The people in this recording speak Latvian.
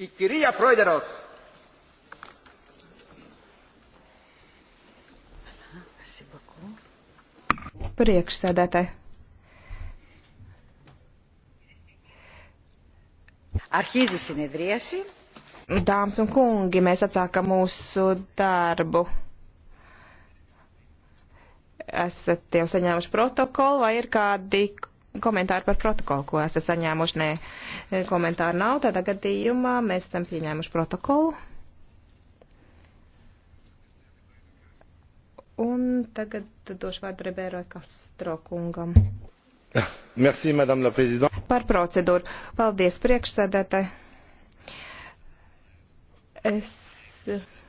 Η κυρία Πρόεδρος. Priekšsēdētāji. Arhīzi sinedriesi. Dāmas un kungi, mēs atsākam mūsu darbu. Esat jau saņēmuši protokolu vai ir kādi komentāru par protokolu, ko esat saņēmuši. Nē, komentāru nav. Tādā gadījumā mēs esam pieņēmuši protokolu. Un tagad došu vārdu Rebēroj Kastro kungam. Merci, madame la présidente. Par procedūru. Paldies, priekšsēdētāji. Es